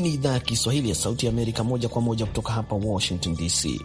Hii ni idhaa ya Kiswahili ya Sauti ya Amerika, moja kwa moja kutoka hapa Washington DC.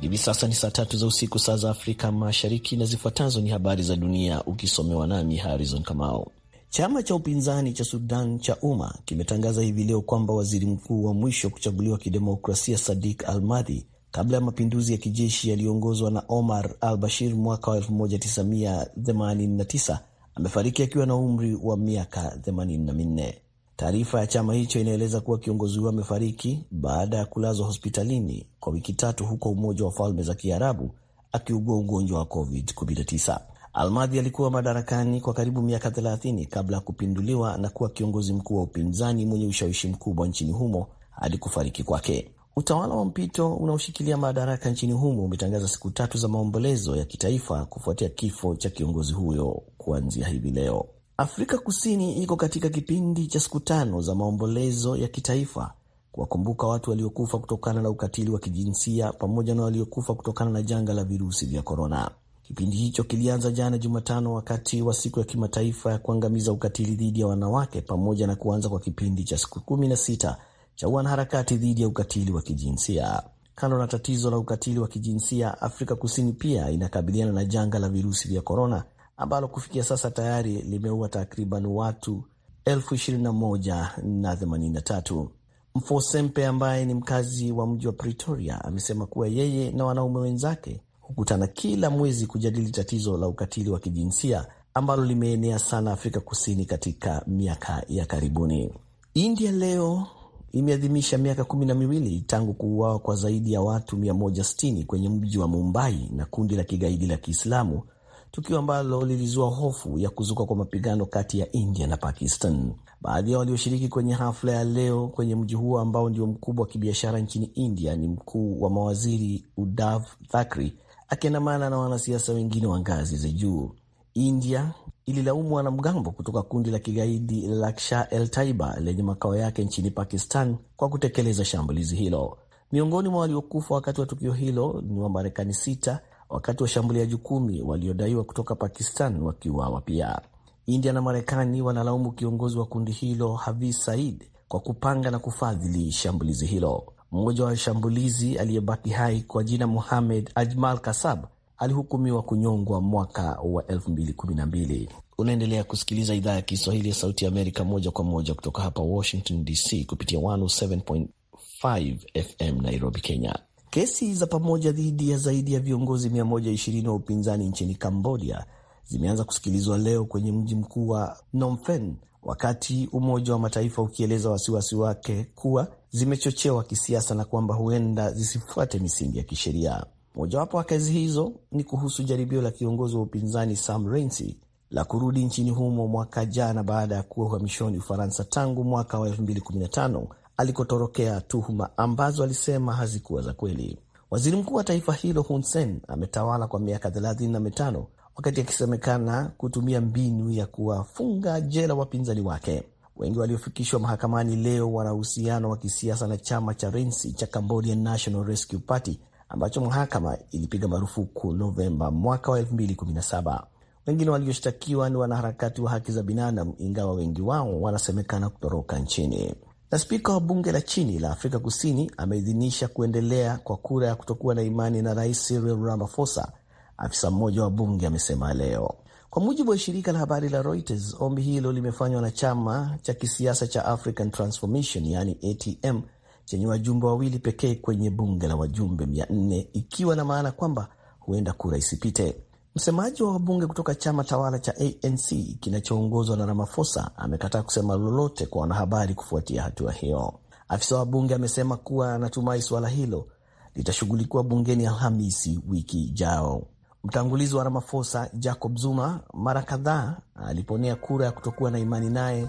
Hivi sasa ni saa tatu za usiku, saa za Afrika Mashariki, na zifuatazo ni habari za dunia ukisomewa nami Harrison Kamao. Chama cha upinzani cha Sudan cha Umma kimetangaza hivi leo kwamba waziri mkuu wa mwisho kuchaguliwa kidemokrasia Sadik Almadhi kabla ya mapinduzi ya kijeshi yaliyoongozwa na Omar al Bashir mwaka wa 1989 amefariki akiwa na umri wa miaka 84. Taarifa ya chama hicho inaeleza kuwa kiongozi huyo amefariki baada ya kulazwa hospitalini kwa wiki tatu huko Umoja wa Falme za Kiarabu akiugua ugonjwa wa COVID-19. Almadhi alikuwa madarakani kwa karibu miaka 30 kabla ya kupinduliwa na kuwa kiongozi mkuu wa upinzani mwenye ushawishi mkubwa nchini humo hadi kufariki kwake. Utawala wa mpito unaoshikilia madaraka nchini humo umetangaza siku tatu za maombolezo ya kitaifa kufuatia kifo cha kiongozi huyo kuanzia hivi leo. Afrika Kusini iko katika kipindi cha siku tano za maombolezo ya kitaifa kuwakumbuka watu waliokufa kutokana na ukatili wa kijinsia pamoja na waliokufa kutokana na janga la virusi vya korona. Kipindi hicho kilianza jana Jumatano wakati wa siku ya kimataifa ya kuangamiza ukatili dhidi ya wanawake pamoja na kuanza kwa kipindi cha siku kumi na sita cha wanaharakati dhidi ya ukatili wa kijinsia. Kando na tatizo la ukatili wa kijinsia, Afrika Kusini pia inakabiliana na janga la virusi vya korona ambalo kufikia sasa tayari limeua takriban watu 21,083. Mfosempe ambaye ni mkazi wa mji wa Pretoria amesema kuwa yeye na wanaume wenzake hukutana kila mwezi kujadili tatizo la ukatili wa kijinsia ambalo limeenea sana Afrika Kusini katika miaka ya karibuni. India leo imeadhimisha miaka kumi na miwili tangu kuuawa kwa zaidi ya watu 160 kwenye mji wa Mumbai na kundi la kigaidi la Kiislamu tukio ambalo lilizua hofu ya kuzuka kwa mapigano kati ya India na Pakistan. Baadhi ya walioshiriki kwenye hafla ya leo kwenye mji huo ambao ndio mkubwa wa kibiashara nchini India ni mkuu wa mawaziri Udav Thakri akiandamana na wanasiasa wengine wa ngazi za juu. India ililaumu wanamgambo kutoka kundi la kigaidi Lashkar-e-Taiba lenye makao yake nchini Pakistan kwa kutekeleza shambulizi hilo. Miongoni mwa waliokufa wakati wa tukio hilo ni Wamarekani sita wakati washambuliaji kumi waliodaiwa kutoka Pakistan wakiuawa pia. India na Marekani wanalaumu kiongozi wa kundi hilo Hafiz Saeed kwa kupanga na kufadhili shambulizi hilo. Mmoja wa washambulizi aliyebaki hai kwa jina Muhamed Ajmal Kasab alihukumiwa kunyongwa mwaka wa 2012. Unaendelea kusikiliza idhaa ya Kiswahili ya Sauti Amerika moja kwa moja kutoka hapa Washington DC, kupitia 107.5 FM Nairobi, Kenya. Kesi za pamoja dhidi ya zaidi ya viongozi 120 wa upinzani nchini Cambodia zimeanza kusikilizwa leo kwenye mji mkuu wa Phnom Penh, wakati Umoja wa Mataifa ukieleza wasiwasi wake kuwa zimechochewa kisiasa na kwamba huenda zisifuate misingi ya kisheria. Mojawapo wa kazi hizo ni kuhusu jaribio la kiongozi wa upinzani Sam Rainsy la kurudi nchini humo mwaka jana baada ya kuwa uhamishoni Ufaransa tangu mwaka wa 2015 alikotorokea tuhuma ambazo alisema hazikuwa za kweli. Waziri mkuu wa taifa hilo Hun Sen ametawala kwa miaka 35 wakati akisemekana kutumia mbinu ya kuwafunga jela wapinzani wake. Wengi waliofikishwa mahakamani leo wana uhusiano wa kisiasa na chama cha Rensi cha Cambodian National Rescue Party ambacho mahakama ilipiga marufuku Novemba mwaka wa 2017. Wengine walioshtakiwa ni wanaharakati wa haki za binadamu, ingawa wengi wao wanasemekana kutoroka nchini. Na spika wa bunge la chini la Afrika Kusini ameidhinisha kuendelea kwa kura ya kutokuwa na imani na rais Cyril Ramaphosa, afisa mmoja wa bunge amesema leo, kwa mujibu wa shirika la habari la Reuters. Ombi hilo limefanywa na chama cha kisiasa cha African Transformation yani ATM chenye wajumbe wawili pekee kwenye bunge la wajumbe 400 ikiwa na maana kwamba huenda kura isipite. Msemaji wa wabunge kutoka chama tawala cha ANC kinachoongozwa na Ramaphosa amekataa kusema lolote kwa wanahabari kufuatia hatua hiyo. Afisa wa bunge amesema kuwa anatumai suala hilo litashughulikiwa bungeni Alhamisi wiki ijao. Mtangulizi wa Ramaphosa Jacob Zuma mara kadhaa aliponea kura ya kutokuwa na imani naye,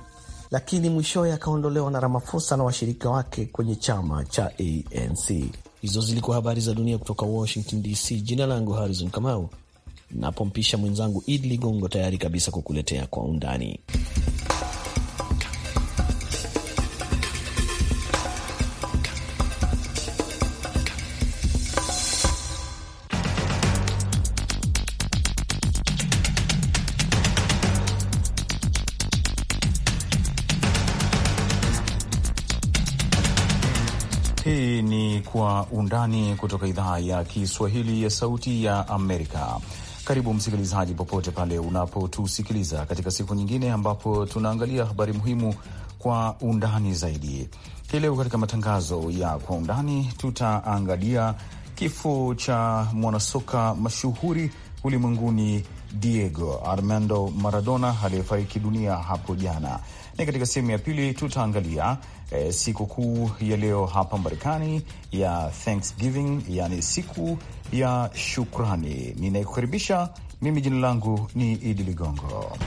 lakini mwishowe akaondolewa na Ramaphosa na washirika wake kwenye chama cha ANC. Hizo zilikuwa habari za dunia kutoka Washington DC. Jina langu Harrison Kamau napompisha mwenzangu Idi Ligongo tayari kabisa kukuletea kwa undani. Hii ni Kwa Undani kutoka idhaa ya Kiswahili ya Sauti ya Amerika. Karibu msikilizaji, popote pale unapotusikiliza katika siku nyingine ambapo tunaangalia habari muhimu kwa undani zaidi. Hii leo katika matangazo ya kwa undani tutaangalia kifo cha mwanasoka mashuhuri ulimwenguni Diego Armando Maradona aliyefariki dunia hapo jana na katika sehemu ya pili tutaangalia e, eh, siku kuu ya leo hapa Marekani ya Thanksgiving, yani siku ya shukrani. Ninayekukaribisha mimi, jina langu ni Idi Ligongo.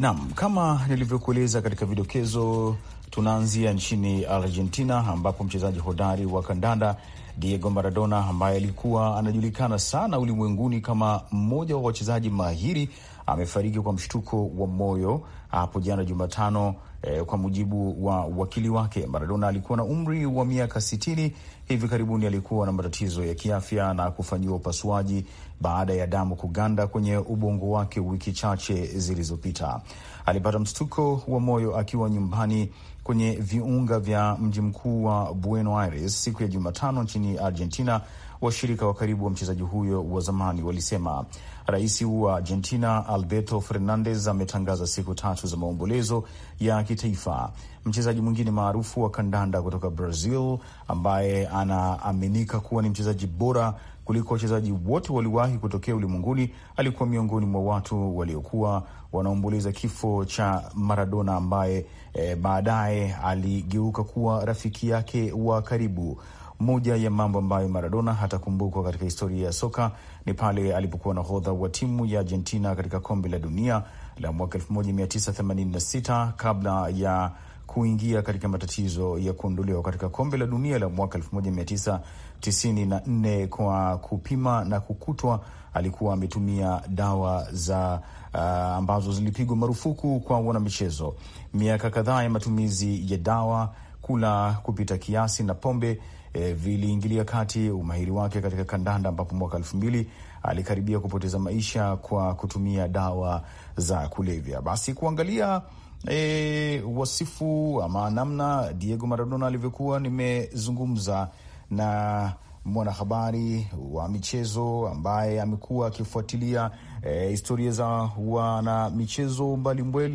Naam, kama nilivyokueleza katika vidokezo, tunaanzia nchini Argentina ambapo mchezaji hodari wa kandanda Diego Maradona ambaye alikuwa anajulikana sana ulimwenguni kama mmoja wa wachezaji mahiri amefariki kwa mshtuko wa moyo hapo jana Jumatano E, kwa mujibu wa wakili wake Maradona alikuwa na umri wa miaka sitini. Hivi karibuni alikuwa na matatizo ya kiafya na kufanyiwa upasuaji baada ya damu kuganda kwenye ubongo wake wiki chache zilizopita. Alipata mshtuko wa moyo akiwa nyumbani kwenye viunga vya mji mkuu wa Buenos Aires siku ya Jumatano nchini Argentina Washirika wa karibu wa mchezaji huyo wa zamani walisema. Rais wa Argentina Alberto Fernandez ametangaza siku tatu za maombolezo ya kitaifa. Mchezaji mwingine maarufu wa kandanda kutoka Brazil ambaye anaaminika kuwa ni mchezaji bora kuliko wachezaji wote waliwahi kutokea ulimwenguni alikuwa miongoni mwa watu waliokuwa wanaomboleza kifo cha Maradona ambaye e, baadaye aligeuka kuwa rafiki yake wa karibu. Moja ya mambo ambayo Maradona hatakumbukwa katika historia ya soka ni pale alipokuwa nahodha wa timu ya Argentina katika kombe la dunia la mwaka 1986 kabla ya kuingia katika matatizo ya kuondolewa katika kombe la dunia la mwaka 1994 kwa kupima na kukutwa alikuwa ametumia dawa za uh, ambazo zilipigwa marufuku kwa wanamichezo. Miaka kadhaa ya matumizi ya dawa, kula kupita kiasi na pombe e, viliingilia kati umahiri wake katika kandanda, ambapo mwaka elfu mbili alikaribia kupoteza maisha kwa kutumia dawa za kulevya. Basi kuangalia e, wasifu ama namna Diego Maradona alivyokuwa, nimezungumza na mwanahabari wa michezo ambaye amekuwa akifuatilia e, historia za wanamichezo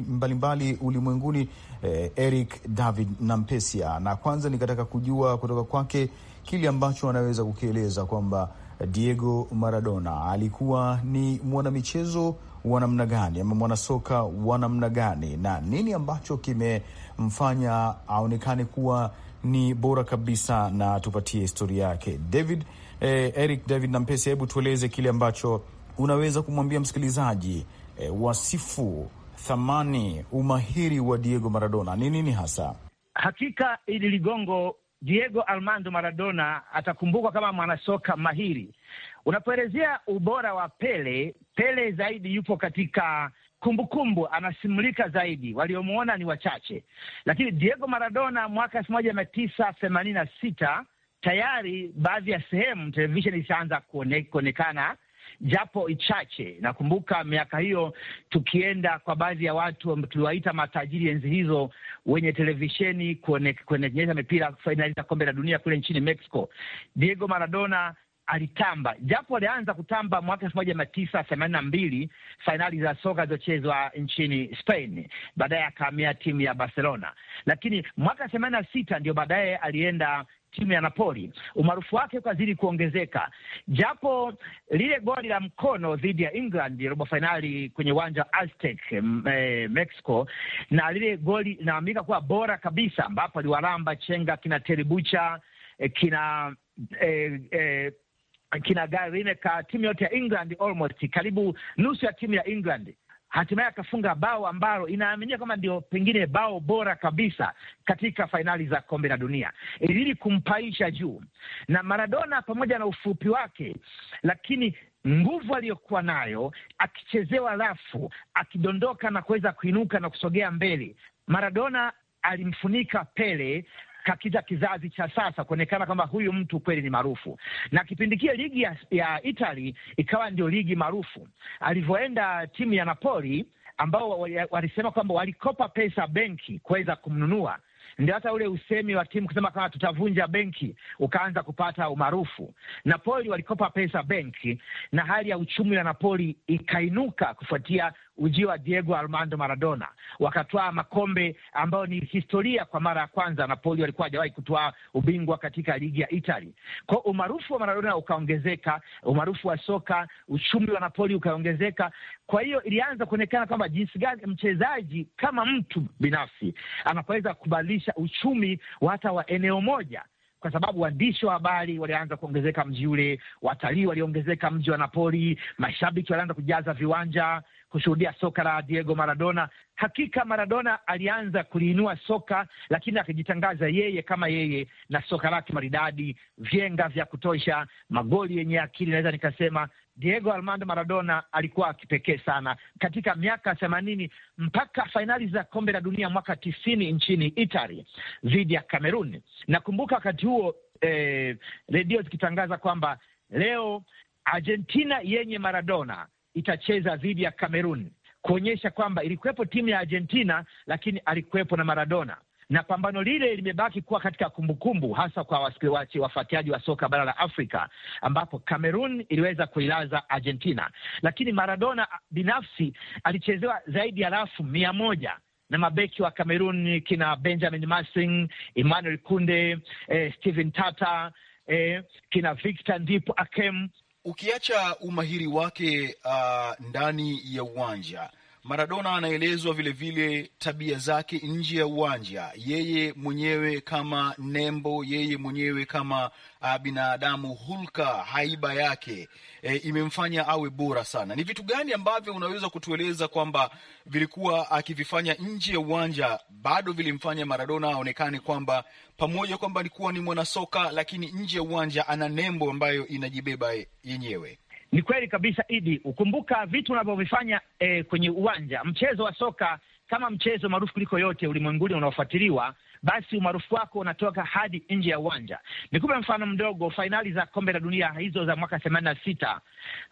mbalimbali ulimwenguni e, Eric David Nampesia, na kwanza nikataka kujua kutoka kwake kile ambacho anaweza kukieleza kwamba Diego Maradona alikuwa ni mwanamichezo wa namna gani ama mwanasoka wa namna gani na nini ambacho kimemfanya aonekane kuwa ni bora kabisa, na tupatie historia yake David. Eh, Eric David Nampesi, hebu tueleze kile ambacho unaweza kumwambia msikilizaji e, wasifu thamani, umahiri wa Diego Maradona ni nini hasa? Hakika ili ligongo, Diego Armando Maradona atakumbukwa kama mwanasoka mahiri. Unapoelezea ubora wa Pele, Pele zaidi yupo katika kumbukumbu kumbu, anasimulika zaidi, waliomwona ni wachache, lakini Diego Maradona mwaka elfu moja mia tisa themanini na sita tayari baadhi ya sehemu televisheni ishaanza kuonekana japo ichache. Nakumbuka miaka hiyo tukienda kwa baadhi ya watu tuliwaita matajiri enzi hizo, wenye televisheni kuonyesha mipira fainali za kombe la dunia kule nchini Mexico. Diego Maradona alitamba japo alianza kutamba mwaka elfu moja mia tisa themanini na mbili fainali za soka zilizochezwa nchini Spain. Baadaye akahamia timu ya Barcelona, lakini mwaka themanini na sita ndio baadaye alienda timu ya Napoli, umaarufu wake ukazidi kuongezeka, japo lile goli la mkono dhidi ya England robo fainali kwenye uwanja wa Aztec eh, Mexico, na lile goli linaaminika kuwa bora kabisa, ambapo aliwaramba chenga kina Teribucha eh, kina eh, eh, kina Gary Lineker, timu yote ya England almost karibu nusu ya timu ya England hatimaye akafunga bao ambalo inaaminia kwamba ndio pengine bao bora kabisa katika fainali za kombe la dunia, ilili kumpaisha juu. Na Maradona pamoja na ufupi wake, lakini nguvu aliyokuwa nayo, akichezewa rafu, akidondoka na kuweza kuinuka na kusogea mbele, Maradona alimfunika Pele katika kizazi cha sasa kuonekana kwamba huyu mtu kweli ni maarufu. Na kipindi kile ligi ya, ya Italy ikawa ndio ligi maarufu. Alivyoenda timu ya Napoli ambao walisema kwamba walikopa pesa benki kuweza kumnunua ndio hata ule usemi wa timu kusema kama tutavunja benki ukaanza kupata umaarufu. Napoli walikopa pesa benki, na hali ya uchumi wa Napoli ikainuka kufuatia ujio wa Diego Armando Maradona, wakatwaa makombe ambayo ni historia kwa mara ya kwanza. Napoli walikuwa hajawahi kutwaa ubingwa katika ligi ya Italy. Kwa umaarufu wa Maradona ukaongezeka, umaarufu wa soka, uchumi wa Napoli ukaongezeka. Kwa hiyo ilianza kuonekana kwamba jinsi gani mchezaji kama mtu binafsi anaweza kubadilisha uchumi hata wa eneo moja kwa sababu waandishi wa habari walianza kuongezeka mji ule, watalii waliongezeka mji wa Napoli, mashabiki walianza kujaza viwanja kushuhudia soka la Diego Maradona. Hakika Maradona alianza kuliinua soka, lakini akijitangaza yeye kama yeye na soka lake maridadi, vyenga vya kutosha, magoli yenye akili, naweza nikasema Diego Armando Maradona alikuwa kipekee sana katika miaka themanini mpaka fainali za kombe la dunia mwaka tisini nchini Italy dhidi ya Cameroon. Nakumbuka wakati huo eh, redio zikitangaza kwamba leo Argentina yenye Maradona itacheza dhidi ya Cameroon kuonyesha kwamba ilikuwepo timu ya Argentina lakini alikuwepo na Maradona na pambano lile limebaki kuwa katika kumbukumbu -kumbu, hasa kwa wasikilizaji wafuatiaji wa soka bara la Afrika, ambapo Cameroon iliweza kuilaza Argentina, lakini Maradona binafsi alichezewa zaidi ya rafu mia moja na mabeki wa Cameroon kina Benjamin Massing, Emmanuel Kunde, eh, Steven Tata, eh, kina Victor Ndipo Akem. Ukiacha umahiri wake uh, ndani ya uwanja Maradona anaelezwa vilevile tabia zake nje ya uwanja, yeye mwenyewe kama nembo, yeye mwenyewe kama uh, binadamu, hulka, haiba yake e, imemfanya awe bora sana. Ni vitu gani ambavyo unaweza kutueleza kwamba vilikuwa akivifanya nje ya uwanja bado vilimfanya Maradona aonekane kwamba pamoja kwamba alikuwa ni mwanasoka, lakini nje ya uwanja ana nembo ambayo inajibeba e, yenyewe? Ni kweli kabisa Idi, ukumbuka vitu unavyovifanya e, kwenye uwanja. Mchezo wa soka kama mchezo maarufu kuliko yote ulimwenguni unaofuatiliwa, basi umaarufu wako unatoka hadi nje ya uwanja. Nikupe mfano mdogo, fainali za kombe la dunia hizo za mwaka themanini na sita,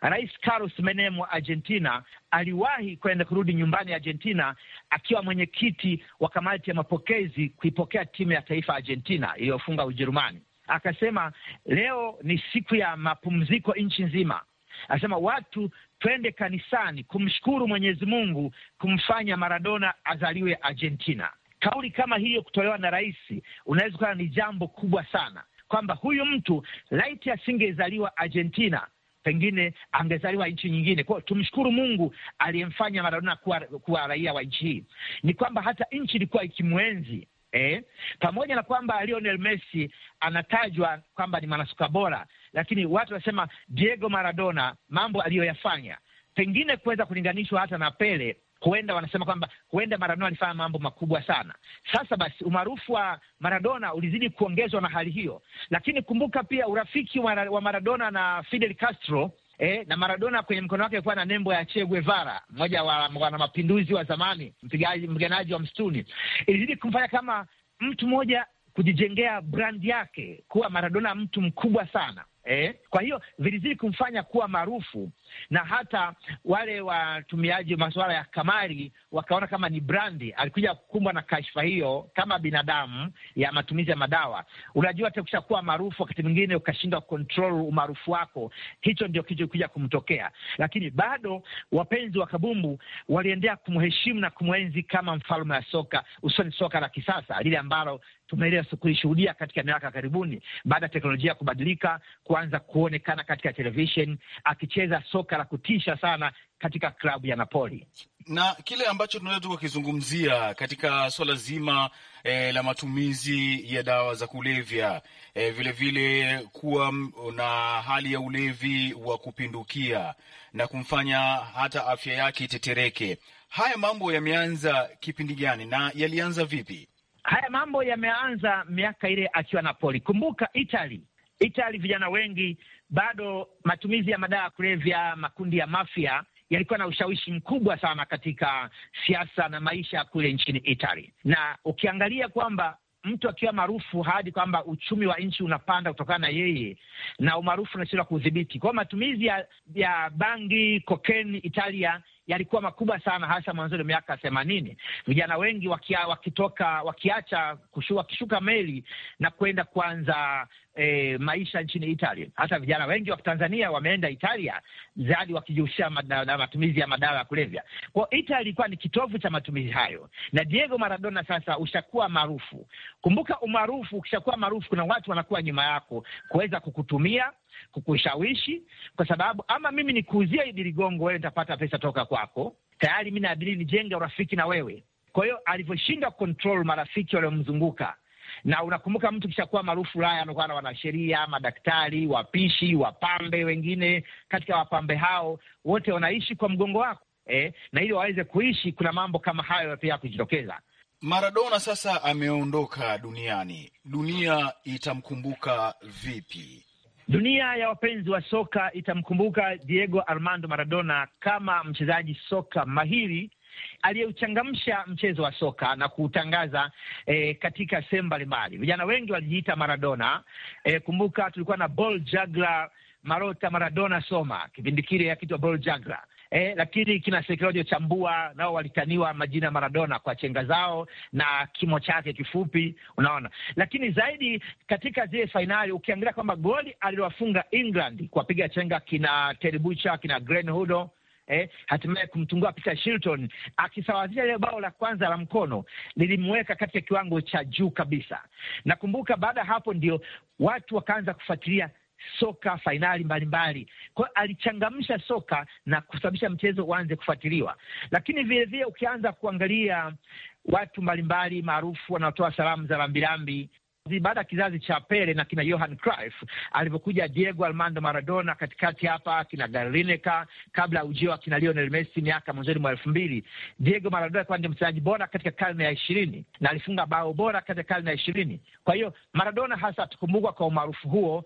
Rais Carlos Menem wa Argentina aliwahi kwenda kurudi nyumbani Argentina akiwa mwenyekiti wa kamati ya mapokezi kuipokea timu ya taifa Argentina iliyofunga Ujerumani. Akasema leo ni siku ya mapumziko nchi nzima, Anasema watu twende kanisani kumshukuru Mwenyezi Mungu kumfanya Maradona azaliwe Argentina. Kauli kama hiyo kutolewa na rais, unaweza kuwa ni jambo kubwa sana, kwamba huyu mtu laiti asingezaliwa Argentina pengine angezaliwa nchi nyingine. kwao tumshukuru Mungu aliyemfanya Maradona kuwa, kuwa raia wa nchi hii. Ni kwamba hata nchi ilikuwa ikimwenzi eh? Pamoja na kwamba Lionel Messi anatajwa kwamba ni mwanasoka bora, lakini watu wanasema Diego Maradona mambo aliyoyafanya pengine kuweza kulinganishwa hata na Pele, huenda wanasema kwamba huenda Maradona alifanya mambo makubwa sana. Sasa basi, umaarufu wa Maradona ulizidi kuongezwa na hali hiyo, lakini kumbuka pia urafiki wa Maradona na Fidel Castro eh, na Maradona kwenye mkono wake alikuwa na nembo ya Che Guevara, mmoja wa mapinduzi wa zamani, mpigaji mpiganaji wa msituni. Ilizidi kumfanya kama mtu mmoja kujijengea brand yake kuwa Maradona mtu mkubwa sana eh? Kwa hiyo vilizidi kumfanya kuwa maarufu, na hata wale watumiaji masuala ya kamari wakaona kama ni brandi. Alikuja kukumbwa na kashfa hiyo kama binadamu ya matumizi ya madawa. Unajua, hata ukishakuwa kuwa maarufu, wakati mwingine ukashindwa control umaarufu wako, hicho ndio kilichokuja kumtokea, lakini bado wapenzi wa kabumbu waliendea kumheshimu na kumwenzi kama mfalme wa soka, hususani soka la kisasa lile ambalo tumeshuhudia katika miaka karibuni, baada ya teknolojia kubadilika ku kuanza kuonekana katika television akicheza soka la kutisha sana katika klabu ya Napoli na kile ambacho tunaweza tukakizungumzia katika swala zima e, la matumizi ya dawa za kulevya eh, e, vilevile kuwa na hali ya ulevi wa kupindukia na kumfanya hata afya yake itetereke. Haya mambo yameanza kipindi gani na yalianza vipi? Haya mambo yameanza miaka ile akiwa Napoli. Kumbuka Italy Itali vijana wengi bado, matumizi ya madawa ya kulevya, makundi ya mafia yalikuwa na ushawishi mkubwa sana katika siasa na maisha kule nchini Itali, na ukiangalia kwamba mtu akiwa maarufu hadi kwamba uchumi wa nchi unapanda kutokana na yeye na umaarufu unashindwa kudhibiti. Kwa hiyo matumizi ya, ya bangi, kokeni Italia yalikuwa makubwa sana, hasa mwanzoni miaka themanini. Vijana wengi wakia, wakitoka wakiacha kushu, wakishuka meli na kwenda kuanza E, maisha nchini Italia. Hata vijana wengi wa Tanzania wameenda Italia zaidi wakijihusisha na matumizi ya madawa ya kulevya. Kwa Italia ilikuwa ni kitovu cha matumizi hayo, na Diego Maradona sasa ushakuwa maarufu. Kumbuka, umaarufu ukishakuwa maarufu, kuna watu wanakuwa nyuma yako kuweza kukutumia kukushawishi, kwa sababu ama mimi nikuuzia Idi Ligongo, wewe nitapata pesa toka kwako, tayari mi naabiri nijenge urafiki na wewe. Kwa hiyo alivyoshindwa kontrol marafiki waliomzunguka na unakumbuka mtu kishakuwa maarufu Ulaya, amekuwa na wanasheria, madaktari, wapishi, wapambe. Wengine katika wapambe hao wote wanaishi kwa mgongo wako eh, na ili waweze kuishi, kuna mambo kama hayo pia kujitokeza. Maradona sasa ameondoka duniani, dunia itamkumbuka vipi? Dunia ya wapenzi wa soka itamkumbuka Diego Armando Maradona kama mchezaji soka mahiri aliyeuchangamsha mchezo wa soka na kuutangaza eh, katika sehemu mbalimbali. Vijana wengi walijiita Maradona. Eh, kumbuka tulikuwa na ball juggler Marota Maradona Soma, kipindi kile akiitwa ball juggler eh, lakini kina Sekerojo Chambua nao walitaniwa majina ya Maradona kwa chenga zao na kimo chake kifupi, unaona. Lakini zaidi katika zile fainali ukiangalia kwamba goli alilowafunga England kuwapiga chenga kina Teribucha kina Glenn Hoddle Eh, hatimaye kumtungua Peter Shilton akisawazisha ile bao la kwanza la mkono lilimweka katika kiwango cha juu kabisa. Nakumbuka baada ya hapo ndio watu wakaanza kufuatilia soka fainali mbalimbali. Kwa hiyo alichangamsha soka na kusababisha mchezo uanze kufuatiliwa, lakini vilevile ukianza kuangalia watu mbalimbali maarufu wanaotoa salamu za rambirambi baada ya kizazi cha Pele na kina Johan Cruyff, alivyokuja Diego Armando Maradona katikati hapa, kina Gary Lineker, kabla ya ujio wa kina Lionel Messi miaka mwanzoni mwa elfu mbili. Diego Maradona alikuwa ndio mchezaji bora katika karne ya ishirini na alifunga bao bora katika karne ya ishirini. Kwa hiyo Maradona hasa atakumbukwa kwa umaarufu huo,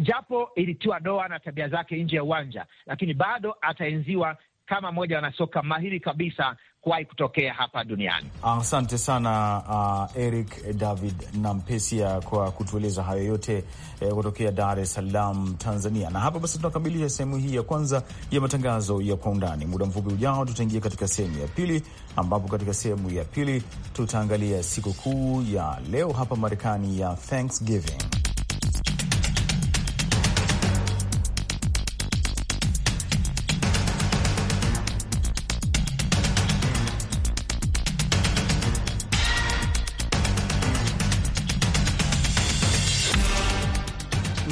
japo ilitiwa doa na tabia zake nje ya uwanja, lakini bado ataenziwa kama mmoja wanasoka mahiri kabisa kuwahi kutokea hapa duniani. Asante sana uh, Eric David Nampesia kwa kutueleza hayo yote eh, kutokea Dar es Salaam, Tanzania. Na hapa basi tunakamilisha sehemu hii ya kwanza ya matangazo ya kwa undani. Muda mfupi ujao, tutaingia katika sehemu ya pili, ambapo katika sehemu ya pili tutaangalia sikukuu ya leo hapa Marekani ya Thanksgiving.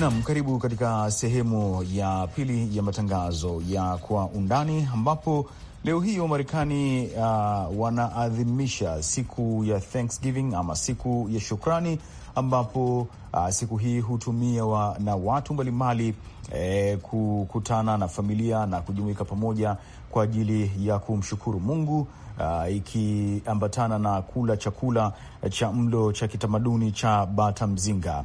Nam, karibu katika sehemu ya pili ya matangazo ya kwa undani ambapo leo hii Wamarekani uh, wanaadhimisha siku ya Thanksgiving ama siku ya shukrani ambapo uh, siku hii hutumiwa na watu mbalimbali eh, kukutana na familia na kujumuika pamoja kwa ajili ya kumshukuru Mungu uh, ikiambatana na kula chakula cha mlo cha kitamaduni cha bata mzinga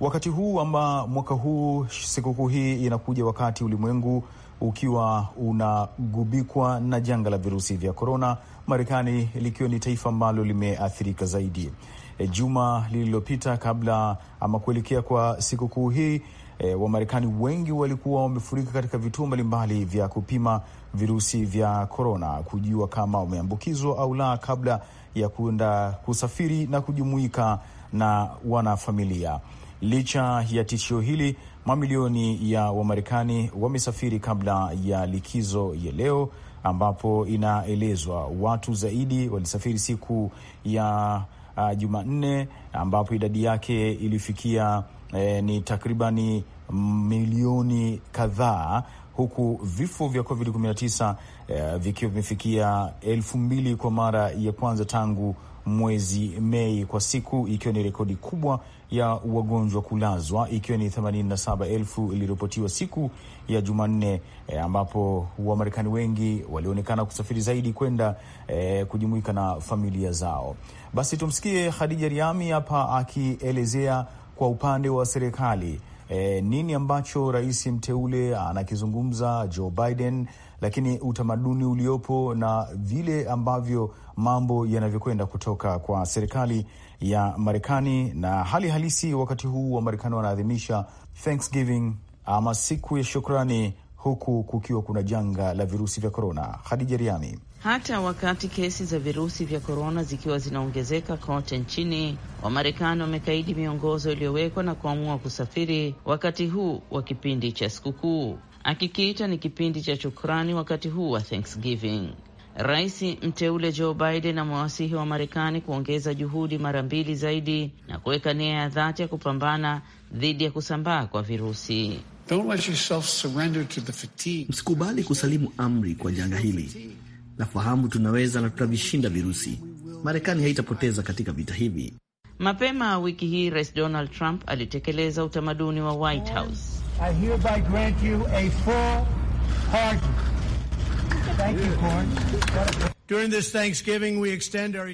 wakati huu ama mwaka huu sikukuu hii inakuja wakati ulimwengu ukiwa unagubikwa na janga la virusi vya korona, Marekani likiwa ni taifa ambalo limeathirika zaidi. E, juma lililopita kabla ama kuelekea kwa sikukuu hii e, Wamarekani wengi walikuwa wamefurika katika vituo mbalimbali vya kupima virusi vya korona kujua kama umeambukizwa au la, kabla ya kuenda kusafiri na kujumuika na wanafamilia. Licha ya tishio hili, mamilioni ya Wamarekani wamesafiri kabla ya likizo ya leo, ambapo inaelezwa watu zaidi walisafiri siku ya uh, Jumanne, ambapo idadi yake ilifikia eh, ni takribani milioni kadhaa huku vifo vya COVID-19 eh, vikiwa vimefikia elfu mbili kwa mara ya kwanza tangu mwezi Mei kwa siku, ikiwa ni rekodi kubwa ya wagonjwa kulazwa, ikiwa ni 87,000 iliripotiwa siku ya Jumanne, e, ambapo Wamarekani wengi walionekana kusafiri zaidi kwenda e, kujumuika na familia zao. Basi tumsikie Khadija Riami hapa akielezea kwa upande wa serikali e, nini ambacho rais mteule anakizungumza Joe Biden, lakini utamaduni uliopo na vile ambavyo mambo yanavyokwenda kutoka kwa serikali ya Marekani na hali halisi wakati huu wa Marekani wanaadhimisha Thanksgiving ama siku ya shukrani, huku kukiwa kuna janga la virusi vya korona. Hadija Riami. Hata wakati kesi za virusi vya korona zikiwa zinaongezeka kote nchini, Wamarekani wamekaidi miongozo iliyowekwa na kuamua kusafiri wakati huu wa kipindi cha sikukuu, akikiita ni kipindi cha shukrani wakati huu wa Thanksgiving. Rais mteule Joe Biden amewasihi wa Marekani kuongeza juhudi mara mbili zaidi na kuweka nia ya dhati ya kupambana dhidi ya kusambaa kwa virusi. Msikubali kusalimu amri kwa janga hili. Nafahamu tunaweza na tutavishinda virusi. Marekani haitapoteza katika vita hivi. Mapema wiki hii Rais Donald Trump alitekeleza utamaduni wa White House.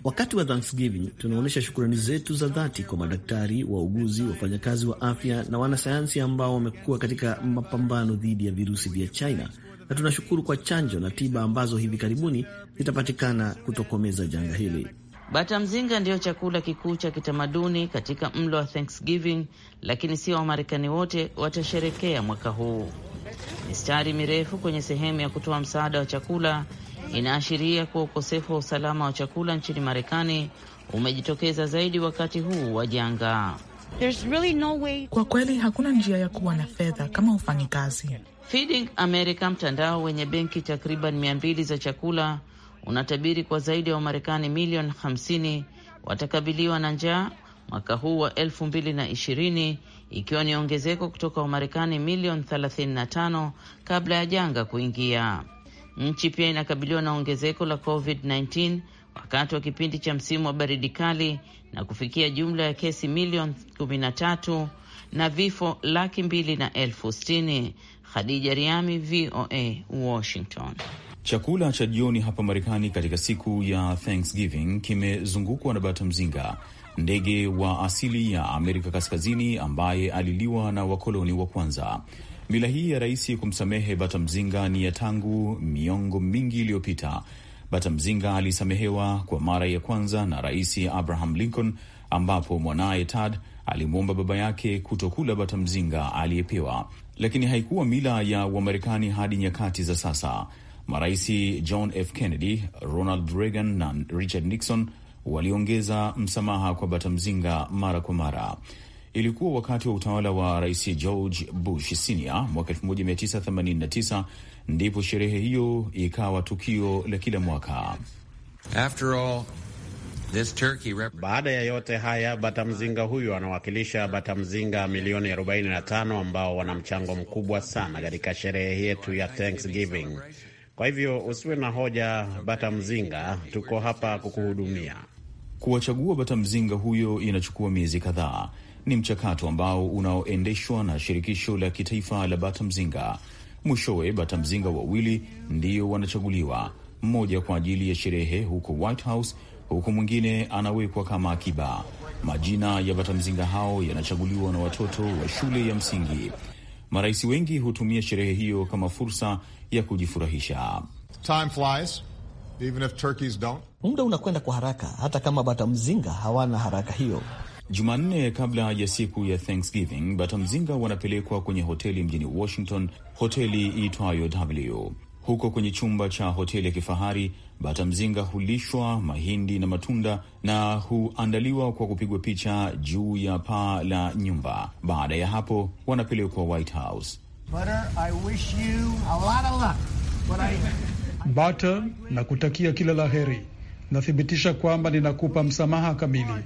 Wakati wa Thanksgiving tunaonyesha shukrani zetu za dhati kwa madaktari, wauguzi, wafanyakazi wa afya na wanasayansi ambao wamekuwa katika mapambano dhidi ya virusi vya China, na tunashukuru kwa chanjo na tiba ambazo hivi karibuni zitapatikana kutokomeza janga hili. Bata mzinga ndiyo chakula kikuu cha kitamaduni katika mlo wa Thanksgiving, lakini sio Wamarekani wote watasherekea mwaka huu. Mistari mirefu kwenye sehemu ya kutoa msaada wa chakula inaashiria kuwa ukosefu wa usalama wa chakula nchini Marekani umejitokeza zaidi wakati huu wa janga. Really no way... kwa kweli hakuna njia ya kuwa na fedha kama ufanyi kazi. Feeding America, mtandao wenye benki takriban mia mbili za chakula, unatabiri kwa zaidi ya wa Wamarekani milioni 50 watakabiliwa na njaa mwaka huu wa elfu mbili na ishirini ikiwa ni ongezeko kutoka Wamarekani milioni 35 kabla ya janga kuingia. Nchi pia inakabiliwa na ongezeko la COVID-19 wakati wa kipindi cha msimu wa baridi kali na kufikia jumla ya kesi milioni 13 na vifo laki mbili na elfu sitini. Khadija Riami, VOA, Washington. Chakula cha jioni hapa Marekani katika siku ya Thanksgiving kimezungukwa na bata mzinga, ndege wa asili ya Amerika Kaskazini ambaye aliliwa na wakoloni wa kwanza. Mila hii ya rais kumsamehe bata mzinga ni ya tangu miongo mingi iliyopita. Bata mzinga alisamehewa kwa mara ya kwanza na Rais Abraham Lincoln, ambapo mwanaye Tad alimwomba baba yake kutokula bata mzinga aliyepewa, lakini haikuwa mila ya Wamarekani hadi nyakati za sasa. Marais John F Kennedy, Ronald Reagan na Richard Nixon waliongeza msamaha kwa bata mzinga mara kwa mara. Ilikuwa wakati wa utawala wa Rais George Bush Senior mwaka 1989 ndipo sherehe hiyo ikawa tukio la kila mwaka. After all, this turkey Baada ya yote haya, batamzinga huyu anawakilisha batamzinga milioni 45 ambao wana mchango mkubwa sana katika sherehe yetu ya Thanksgiving. Kwa hivyo usiwe na hoja, bata mzinga, tuko hapa kukuhudumia. Kuwachagua bata mzinga huyo inachukua miezi kadhaa. Ni mchakato ambao unaoendeshwa na shirikisho la kitaifa la bata mzinga. Mwishowe bata mzinga wawili ndio wanachaguliwa, mmoja kwa ajili ya sherehe huko White House, huku mwingine anawekwa kama akiba. Majina ya bata mzinga hao yanachaguliwa na watoto wa shule ya msingi. Marais wengi hutumia sherehe hiyo kama fursa ya kujifurahisha. Time flies, even if turkeys don't. Muda unakwenda kwa haraka, hata kama bata mzinga hawana haraka hiyo. Jumanne kabla ya siku ya Thanksgiving, bata mzinga wanapelekwa kwenye hoteli mjini Washington, hoteli iitwayo W. Huko kwenye chumba cha hoteli ya kifahari, bata mzinga hulishwa mahindi na matunda na huandaliwa kwa kupigwa picha juu ya paa la nyumba. Baada ya hapo, wanapelekwa White House. Butter, nakutakia kila la heri, nathibitisha kwamba ninakupa msamaha kamili.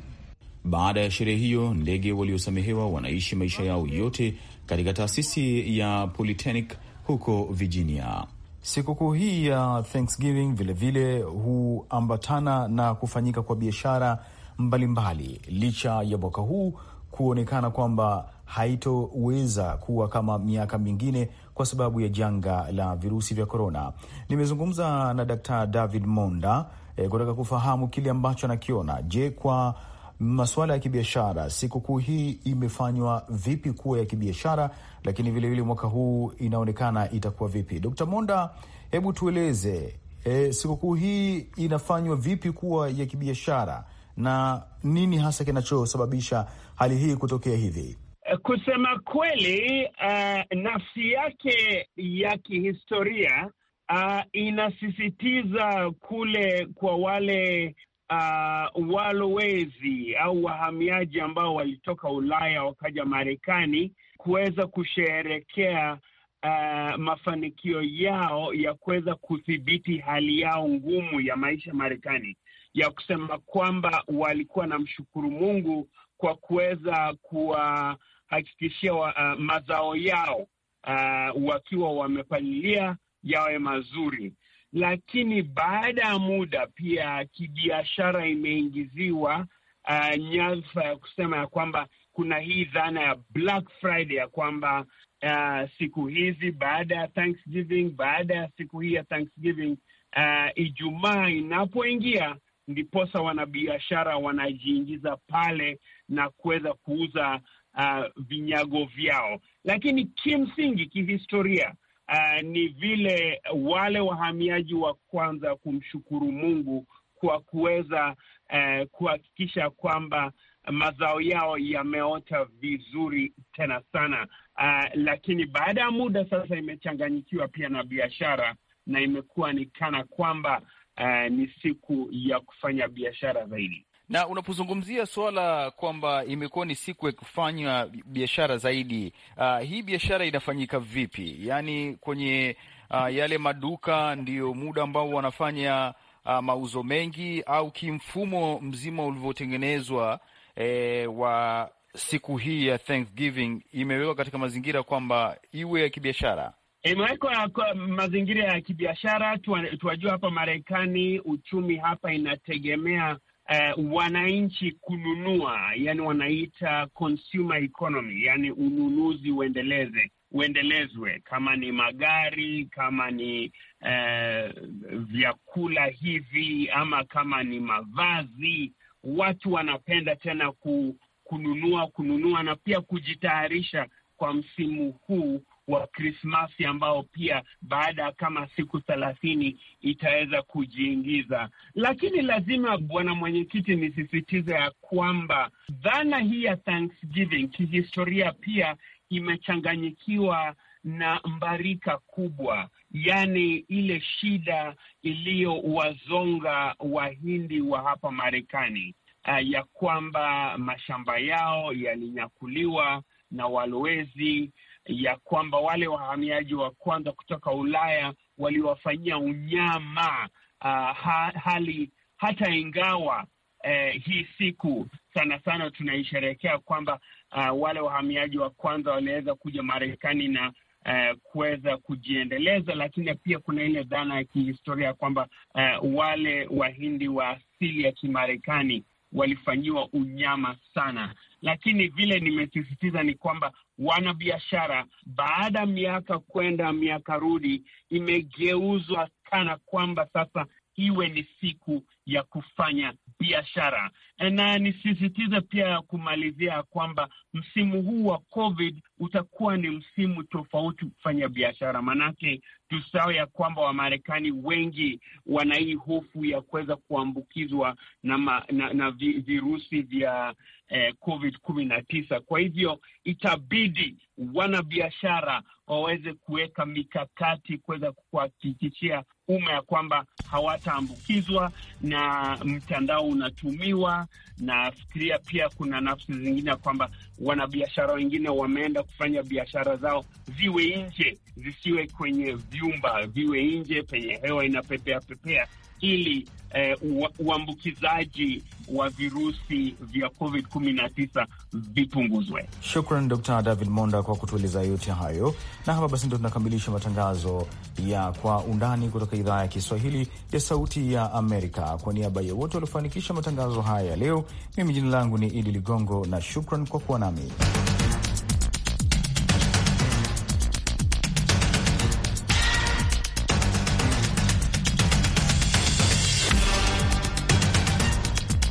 Baada ya sherehe hiyo, ndege waliosamehewa wanaishi maisha yao yote katika taasisi ya Polytechnic huko Virginia. Sikukuu hii ya Thanksgiving vilevile huambatana na kufanyika kwa biashara mbalimbali, licha ya mwaka huu kuonekana kwamba haitoweza kuwa kama miaka mingine kwa sababu ya janga la virusi vya korona. Nimezungumza na Daktari David Monda eh, kutaka kufahamu kile ambacho anakiona. Je, kwa masuala ya kibiashara, sikukuu hii imefanywa vipi kuwa ya kibiashara, lakini vilevile mwaka huu inaonekana itakuwa vipi? Dkt. Monda, hebu tueleze e, sikukuu hii inafanywa vipi kuwa ya kibiashara na nini hasa kinachosababisha hali hii kutokea hivi? E, kusema kweli, uh, nafsi yake ya kihistoria uh, inasisitiza kule kwa wale uh, walowezi au wahamiaji ambao walitoka Ulaya wakaja Marekani kuweza kusherehekea uh, mafanikio yao ya kuweza kudhibiti hali yao ngumu ya maisha Marekani, ya kusema kwamba walikuwa na mshukuru Mungu kwa kuweza kuwahakikishia uh, mazao yao uh, wakiwa wamepalilia yawe mazuri lakini baada ya muda pia kibiashara imeingiziwa uh, nyadhifa ya kusema ya kwamba kuna hii dhana ya Black Friday ya kwamba uh, siku hizi baada ya Thanksgiving, baada ya siku hii ya Thanksgiving uh, Ijumaa inapoingia ndiposa wanabiashara wanajiingiza pale na kuweza kuuza uh, vinyago vyao, lakini kimsingi kihistoria uh, ni vile wale wahamiaji wa kwanza kumshukuru Mungu kwa kuweza uh, kuhakikisha kwamba mazao yao yameota vizuri tena sana. Uh, lakini baada ya muda sasa imechanganyikiwa pia na biashara na imekuwa ni kana kwamba uh, ni siku ya kufanya biashara zaidi. Na unapozungumzia swala kwamba imekuwa ni siku ya kufanywa biashara zaidi, uh, hii biashara inafanyika vipi? Yaani kwenye uh, yale maduka ndiyo muda ambao wanafanya uh, mauzo mengi, au kimfumo mzima ulivyotengenezwa eh, wa siku hii ya Thanksgiving imewekwa katika mazingira kwamba iwe ya kibiashara imewekwa mazingira ya kibiashara. Tuwajua hapa Marekani uchumi hapa inategemea uh, wananchi kununua, yani wanaita consumer economy, yani ununuzi uendeleze uendelezwe, kama ni magari, kama ni uh, vyakula hivi, ama kama ni mavazi. Watu wanapenda tena ku, kununua kununua na pia kujitayarisha kwa msimu huu wa Krismasi ambao pia baada ya kama siku thelathini itaweza kujiingiza. Lakini lazima, bwana mwenyekiti, nisisitize ya kwamba dhana hii ya Thanksgiving kihistoria pia imechanganyikiwa na mbarika kubwa, yaani ile shida iliyowazonga Wahindi wa hapa Marekani, uh, ya kwamba mashamba yao yalinyakuliwa na walowezi ya kwamba wale wahamiaji wa kwanza kutoka Ulaya waliwafanyia unyama uh, ha, hali hata ingawa eh, hii siku sana sana tunaisherehekea kwamba uh, wale wahamiaji wa kwanza waliweza kuja Marekani na Uh, kuweza kujiendeleza, lakini pia kuna ile dhana ya kihistoria kwamba uh, wale Wahindi wa asili ya Kimarekani walifanyiwa unyama sana, lakini vile nimesisitiza ni kwamba wanabiashara, baada ya miaka kwenda miaka rudi, imegeuzwa kana kwamba sasa iwe ni siku ya kufanya biashara. Na nisisitize pia ya kumalizia kwamba msimu huu wa COVID utakuwa ni msimu tofauti kufanya biashara, manake tusahau ya kwamba Wamarekani wengi wana hii hofu ya kuweza kuambukizwa na, ma, na, na virusi vya eh, COVID kumi na tisa. Kwa hivyo itabidi wanabiashara waweze kuweka mikakati kuweza kuhakikishia umma ya kwamba hawataambukizwa na mtandao unatumiwa. Nafikiria pia kuna nafsi zingine ya kwamba wanabiashara wengine wameenda kufanya biashara zao ziwe nje, zisiwe kwenye vyumba, viwe nje penye hewa inapepea pepea, ili eh, uambukizaji wa virusi vya COVID 19 vipunguzwe. Shukran Dr David Monda kwa kutueleza yote hayo, na hapa basi ndo tunakamilisha matangazo ya Kwa Undani kutoka idhaa ya Kiswahili ya Sauti ya Amerika. Kwa niaba ya wote waliofanikisha matangazo haya ya leo, mimi jina langu ni Idi Ligongo na shukran kwa kuwa nami. Lami.